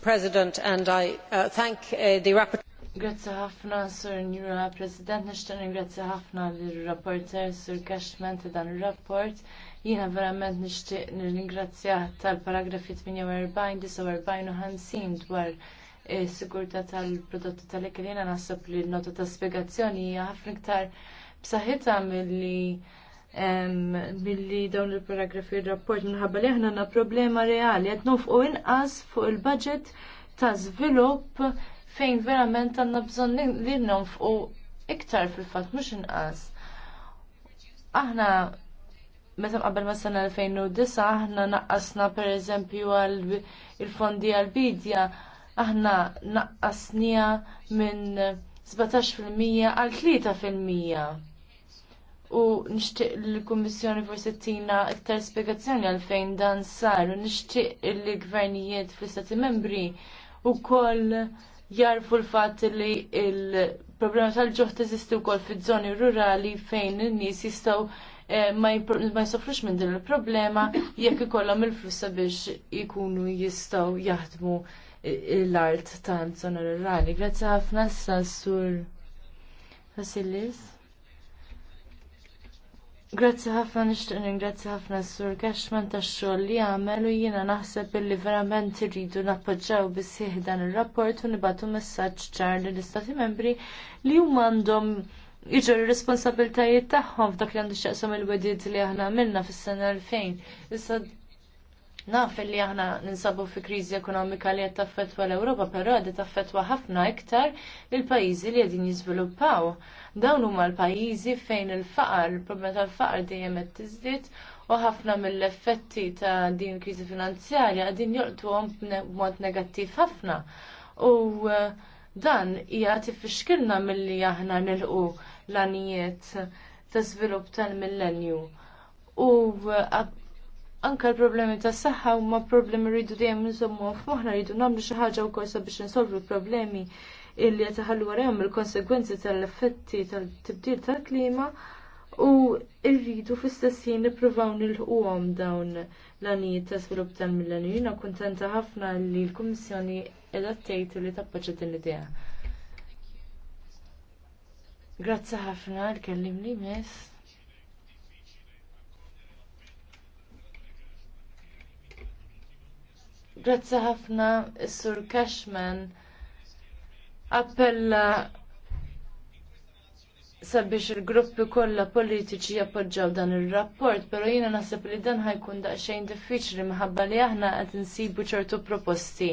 Speaker 3: President, and I uh, thank uh, the rapporteur. Grazzi ħafna, Sur Njura President, nishtan grazzi ħafna l-rapporter Sur Cashman ta' dan il-rapport. Jina verament nishtiq nir-ingrazzjah tal-paragrafi 48, 49 u 50 dwar eh, sigurta tal-prodotti tal-ekel. Jina nasab li l-nota ta' spiegazzjoni hija ħafna iktar b'saħħitha milli billi dawn il-paragrafi il-rapport minħabba li aħna problema reali qed nofqu inqas fuq il-budget ta' zvilup fejn verament għandna bżonn li nonfqu iktar fil-fatt mhux inqas. Aħna meta qabel ma sena 2009 aħna naqqasna pereżempju għal il-fondi għal bidja aħna naqqasnija minn 17% għal 3%. U nixtieq li l-Kummissjoni forsi tina iktar spjegazzjoni għalfejn dan sar u nixtieq l-gvernijiet fl-Istati membri wkoll jarfu l-fatt li il-problema tal-ġuħ teżisti wkoll fiż-żoni rurali fejn n nies jistgħu eh, ma jsofrux minn din il-problema jekk ikollhom il flussa biex ikunu jistgħu jaħdmu l-art tal-żona rurali. Grazzi ħafna s-sur Vasilis. Grazzi ħafna nixtieq ringrazzi ħafna s-sur Cashman tax-xogħol li għamel u jiena naħseb illi verament irridu nappoġġaw bisih dan ir-rapport u nibatu messaġġ ċar lill-Istati Membri li huma għandhom jiġu r-responsabiltajiet tagħhom f'dak li għandu x'jaqsam il-wedid li aħna għamilna fis-sena 2000. Issa Naf li aħna ninsabu fi kriżi ekonomika li qed taffettwa l-Ewropa, però qed taffettwa ħafna iktar lill-pajjiżi li qegħdin jiżviluppaw. Dawn huma l-pajjiżi fejn il-faqar, il-problema tal-faqar dejjem qed tiżdied u ħafna mill-effetti ta' din kriżi finanzjarja għadin joqtuhom b'mod negattiv ħafna. U eh, dan hija tifixkilna milli aħna nilqu l-anijiet ta' żvilupp tal-millenju. U eh, anka l-problemi ta' saħħa huma problemi rridu dejjem nżommu f'moħħna rridu nagħmlu xi ħaġa wkoll sabiex insolvu l-problemi illi qed iħallu warahom il-konsegwenzi tal-effetti tal-tibdil tal-klima u rridu fl-istess ħin nippruvaw nilħquhom dawn l-għanijiet ta' svilupp tal-millenju. Jiena kuntenta ħafna li l-Kummissjoni qiegħda tgħid li tappoġġa din l-idea. Grazzi ħafna l kelliem li mess. Grazzi ħafna, Sur Cashman. Appella sabiex il-gruppi kollha politiċi jappoġġaw dan ir-rapport, però jiena naħseb li dan ħajkun daqsxejn diffiċli minħabba li aħna qed insibu ċertu proposti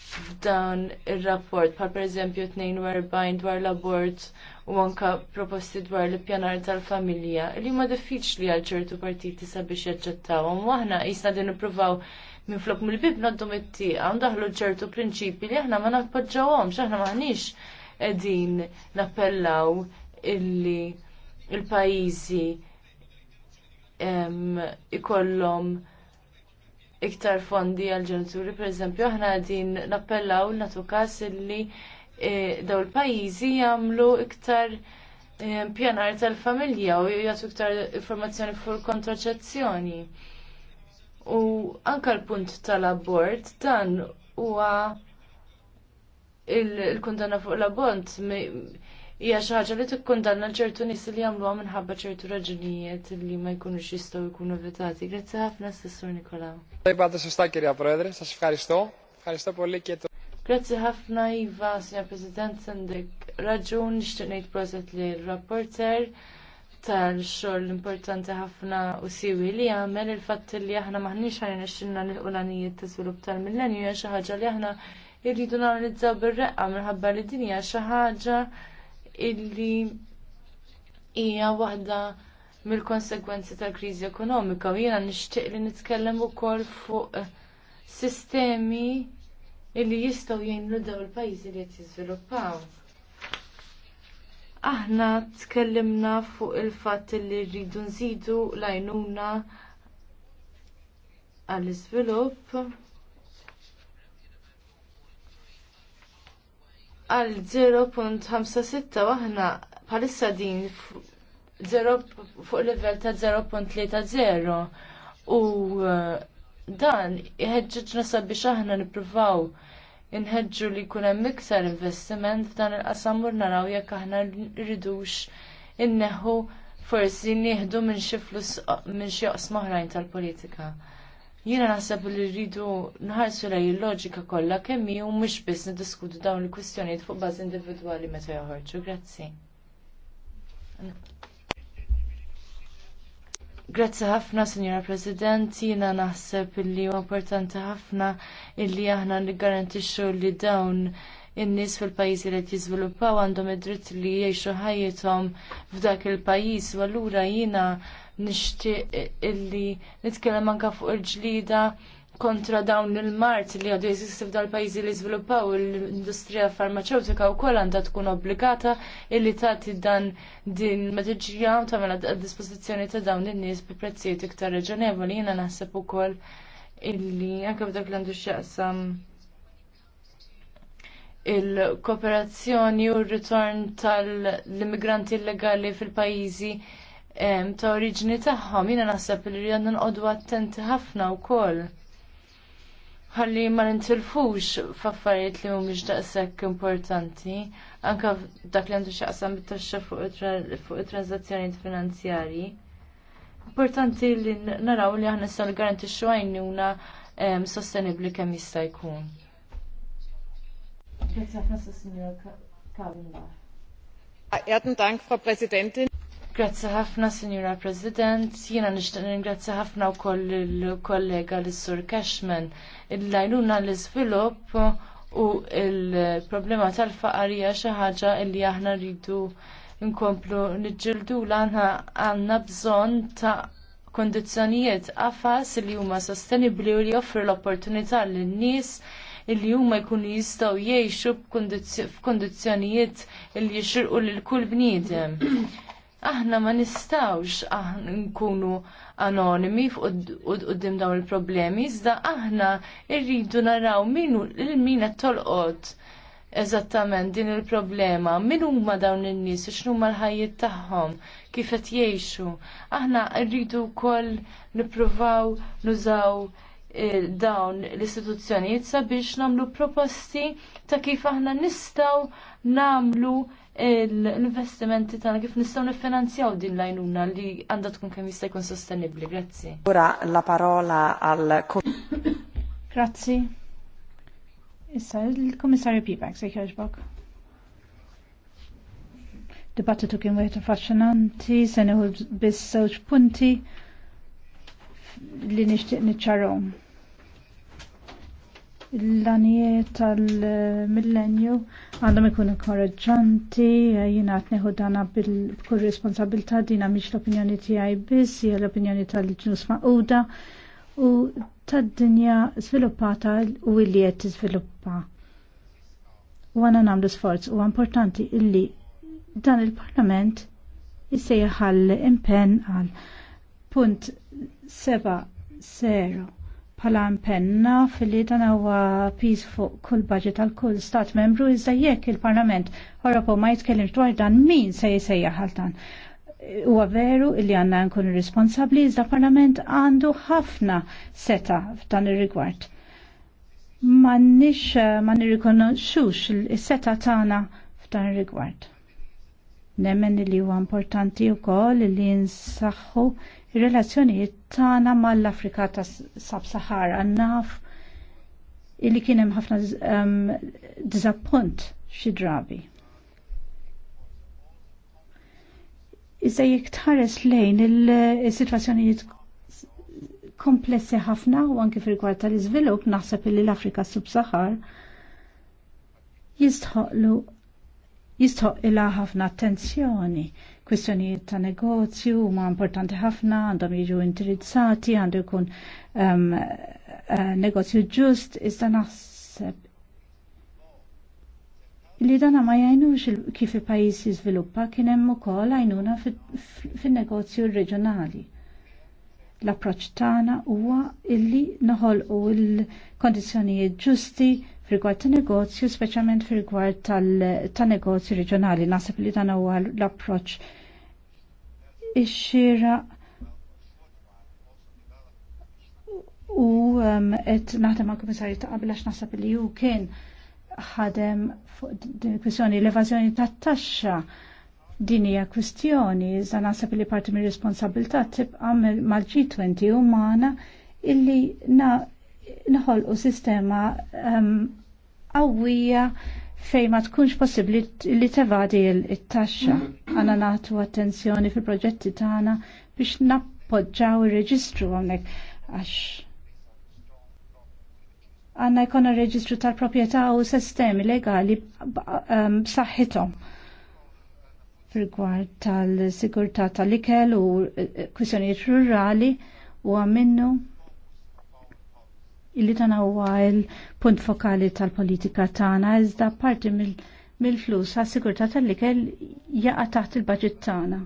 Speaker 3: f'dan ir-rapport, bħal pereżempju 42 dwar l-abort u anke proposti dwar l-ippjanar tal-familja li huma diffiċli għal ċertu partiti sabiex jaċċettawhom. Aħna qisna din nippruvaw minflok mill-bib naddu mit-tieqa ndaħlu ċertu prinċipi li aħna ma nappoġġawhom, aħna m'għandniex qegħdin nappellaw illi il pajjiżi ikollhom iktar fondi għal ġenituri, per eżempju, aħna għadin nappellaw natu kas illi dawn e, daw il pajjiżi jagħmlu iktar pjanar tal-familja u jagħtu iktar informazzjoni fuq il kontraċezzjoni u anka l-punt tal-abort dan huwa il-kundanna fuq l-abort hija xi ħaġa li tikkundanna ċertu nies li jagħmluha minħabba ċertu raġunijiet li ma jkunux jistgħu jkunu vetati. Grazzi ħafna Sessur Nikola. Grazzi ħafna Iva, Sinja President, sendek raġun, nixtieq ngħid proset li l-rapporter tal xogħol importanti ħafna u siwi li għamel il-fatt li aħna maħniex ħajna xinna l-ulanijiet ta' żvilupp tal-millenju hija xi ħaġa li aħna jridu nalizzaw bir-reqqa minħabba li din hija xi ħaġa illi hija waħda mill-konsegwenzi tal-kriżi ekonomika u jiena nixtieq li nitkellem ukoll fuq sistemi illi jistgħu jgħinu dawn il-pajjiżi li qed jiżviluppaw. Aħna tkellimna fuq il-fatt li rridu nżidu l-għajnuna għall-iżvilupp għal 0.56 aħna bħalissa din fuq livell ta' 0.30 u eh, dan jħedġiġna sabiex aħna nippruvaw inħeġġu li jkun hemm iktar investiment f'dan il-qasam u naraw jekk aħna rridux inneħħu forsi nieħdu minn xi flus minn xi oqsma oħrajn tal-politika. Jiena naħseb li rridu nħarsu lej il-loġika kollha kemm hi u mhux biss niddiskutu dawn il-kwistjonijiet fuq bażi individwali meta joħorġu. Grazzi. Grazzi ħafna, Signora President, jina naħseb illi u importanti ħafna illi aħna niggarantixxu li dawn in-nies fil-pajjiżi li qed jiżviluppaw għandhom id-dritt li jgħixu ħajjithom f'dak il-pajjiż u allura jiena nixtieq illi nitkellem anke fuq il-ġlida kontra dawn il-mart li għadu jeżisti f'dal pajjiżi li żviluppaw l-industrija farmaceutika wkoll għandha tkun obbligata illi tagħti dan din mediċina u tagħmel għad-dispożizzjoni ta' dawn in-nies bi prezzijiet iktar reġonevoli jiena naħseb ukoll illi anke b'dak li għandu x'jaqsam il-kooperazzjoni u r-ritorn tal-immigranti illegali fil-pajjiżi ta' oriġini tagħhom. Jiena naħseb li rridu nqogħdu attenti ħafna wkoll ħalli ma nintilfux f'affarijiet li mhumiex daqshekk importanti, anke dak li għandu x'aqsam bit fuq it transazzjoni finanzjarji. Importanti li naraw li aħna se garantixxu għajnuna ehm, sostenibbli kemm jista' jkun. Grazzi ħafna, Signora Kavinbar. Erten Dank, Frau Präsidentin. Grazzi ħafna, Signora President. Jiena nixtieq ringrazzi ħafna wkoll il-kollega l-Sur Cashman. Il-lajluna l-iżvilupp u il-problema tal-faqar hija xi ħaġa li aħna rridu nkomplu niġġildu l għandna bżonn ta' kondizzjonijiet qafas li huma sostenibbli u li joffru l-opportunità lin-nies illi huma jkunu jistgħu jgħixu f'kundizzjonijiet li jxirqu lil kull bniedem aħna ma nistawx nkunu anonimi qudiem dawn il-problemi, iżda aħna rridu naraw minu il-mina tolqot eżattament din il-problema, min huma dawn in-nies, x'nu l-ħajjiet tagħhom, kif qed jgħixu. Aħna rridu wkoll nippruvaw nużaw e, dawn l-istituzzjonijiet sabiex nagħmlu proposti ta' kif aħna nistgħu nagħmlu l-investimenti tagħna kif nistgħu niffinanzjaw din l-għajnuna li għandha tkun kemm jista' jkun sostenibbli. Grazzi.
Speaker 2: Ora la parola għal Grazzi. Issa il-Kummissarju Pibak se jkjoġbok. Dibattitu kien wieħed affaxxinanti, se nieħu biss żewġ punti li nixtieq niċċarhom l anijiet tal-millenju għandhom ikun inkoraġġanti, jina għatneħu dana bil-kull responsabilta dina miex l-opinjoni tiegħi bis, hija l-opinjoni tal-ġnus maquda u tad-dinja sviluppata u illi qed tiżviluppa. U għana namlu sforz u importanti illi dan il-parlament jissejħal impen għal punt seba' zero bħala impenna fil-li dan huwa piż fuq kull budget tal kull stat membru iżda jekk il-Parlament Ewropew ma jitkellimx dwar dan min se jsejjaħ għal dan. Huwa veru li għandna nkunu responsabbli iżda Parlament għandu ħafna seta f'dan ir-rigward. Ma nix ma nirrikonoxux is-seta tagħna f'dan ir-rigward. Nemmen li huwa importanti wkoll li nsaħħu il-relazzjonijiet tagħna mal-Afrika ta' Sab-Sahara naf illi kien hemm ħafna dizappunt diżappunt xi drabi. Iżda jekk tħares lejn il-sitwazzjonijiet komplessi ħafna u anke fil-gwar tal-iżvilupp naħseb li l-Afrika Sub-Sahar jistħoqlu jistħoq ilha ħafna attenzjoni kwistjonijiet ta' negozju huma importanti ħafna għandhom jiġu interessati, għandu jkun um, uh, negozju ġust iżda naħseb li dana ma jajnux kif il-pajis jizviluppa kien hemm ukoll għajnuna fin-negozju reġjonali l-approċ tagħna huwa illi noħolqu l-kondizzjonijiet ġusti f'rigward ta' negozju, speċjalment f'rigward ta' negozju reġjonali. Naħseb li dan huwa l approċċ ix-xira u qed naħdem ma' kummissarju ta' qabel għax naħseb li hu kien ħadem fuq din kwistjoni l-evażjoni tat-taxxa din hija kwistjoni iżda naħseb li parti mir responsabilità tibqa' mal-G20 u magħna illi naħolqu sistema qawwija um, fej ma tkunx possibli li tevadi il-taxxa. Għana natu attenzjoni fil-proġetti tagħna biex nappoġġaw ir-reġistru hawnhekk għax għanna jkun ir-reġistru tal-proprjetà u sistemi legali ehm, b'saħħithom rigward tal-sigurtà tal-ikel u eh, eh, kwistjonijiet rurali u għamminnu illi dan huwa l-punt fokali tal-politika tagħna iżda parti mill-flus għas-sigurtà tal-ikel jaqa' taħt il-baġit tagħna.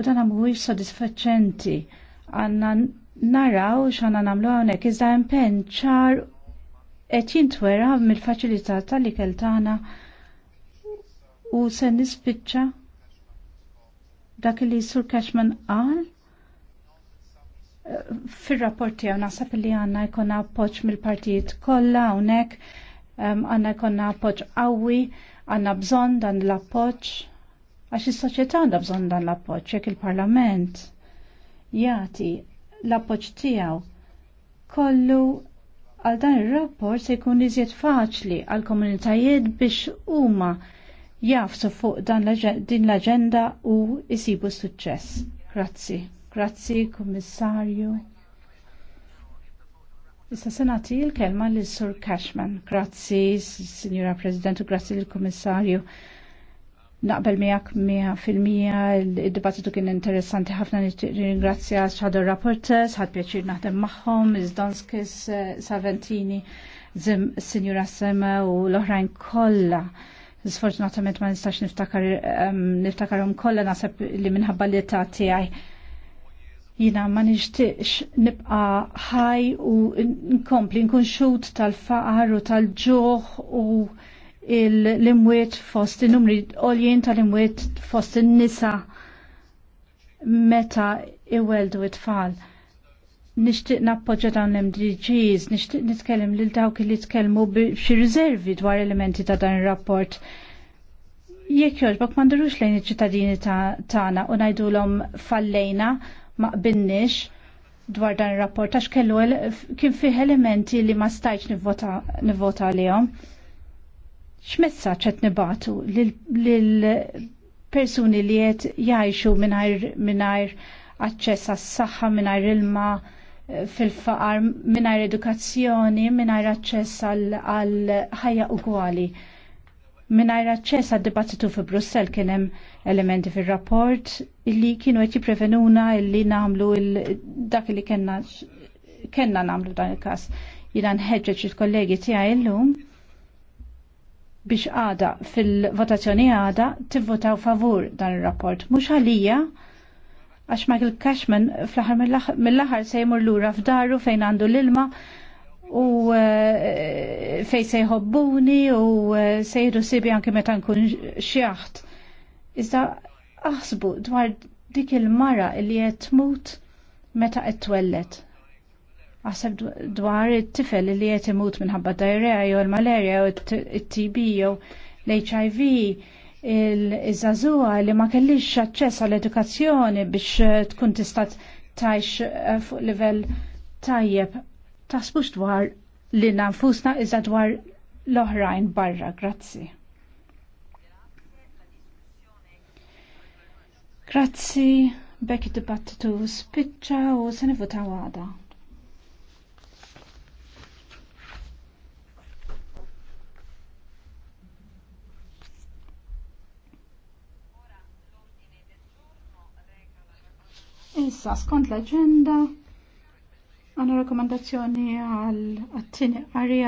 Speaker 2: U dan mhuwiex sodisfaċenti għandna naraw x'għandna nagħmlu hawnhekk iżda impenn ċar qed jintwera mill-faċilità tal-ikel tagħna u se nispiċċa dak li Sur Cashman qal fil-rapport tiegħu naħseb li għandna jkun appoġġ mill-partijiet kollha hawnhekk għandna jkun appoġġ qawwi, għandna bżonn dan l-appoġġ għax is-soċjetà għanna bżonn dan l-appoġġ jekk il-Parlament jati l-appoġġ tiegħu kollu għal dan ir-rapport se jkun iżjed faċli għal komunitajiet biex huma jafsu fuq din l-aġenda u jsibu suċċess. Grazzi. Grazzi, Kommissarju. Issa senati il-kelma l sur Cashman. Grazzi, Signora Presidente, grazzi l kummissarju Naqbel miegħek miha fil-mija, il-dibattitu kien interessanti ħafna ringrazzja xadu rapporters, ħad pjaċir naħdem magħhom, Donskis eh, Saventini, Signora Sema u l-oħrajn kollha. Sfortunatament ma nistax ehm, niftakarhom kollha naħseb li minħabba li ta' tiegħi jina ma nixtiqx nibqa ħaj u nkompli nkun xut tal-faqar u tal ġuħ u l-imwiet fost il-numri oljien tal-imwiet fost il-nisa meta iweldu it-tfal. Nixtieq nappoġġa dawn l-MDGs, nixtieq nitkellem lil dawk li tkellmu bi riservi dwar elementi ta' dan ir-rapport jekk jogħġbok mandurux lejn iċ-ċittadini tagħna u ngħidulhom fallejna ma qbinnix dwar dan il-rapport għax kellu kien fih elementi li ma stajċ nivvota għalihom. X'messa ċet nibatu lil-persuni li qed jgħixu mingħajr aċċess għas-saħħa, mingħajr ilma eh, fil-faqar, mingħajr edukazzjoni, mingħajr aċċess għal ħajja ugwali. Minajra ċess għad dibattitu fi Brussel kien hemm elementi fir rapport illi kienu qed jipprevenuna illi namlu il dak li kenna kenna namlu dan il-każ. Jiena nħeġġeġ il-kollegi tiegħi llum biex għada fil-votazzjoni għada tivvotaw favur dan il-rapport. Mhux għalija għax Michael Cashman fl-aħħar mill-aħħar se jmur lura f'daru fejn għandu l-ilma u eh, fej se jħobbuni u eh, sejru sibi anke meta nkun xjaħt. Iżda aħsbu dwar dik il-mara li qed tmut meta qed twellet. Aħseb dwar it-tifel li qed imut minħabba diarrea jew il-malerja jew it-TB jew l-HIV il-żazuha li ma kellix aċċess għall-edukazzjoni biex tkun tista' tgħix eh, fuq livell tajjeb taħsbux dwar li nanfusna iżda dwar l-oħrajn barra, grazzi. Grazzi, bekki dibattitu spiċċa u se ta' għada. Issa, skont l-agenda, Għanna rekomendazzjoni għal-attini għarja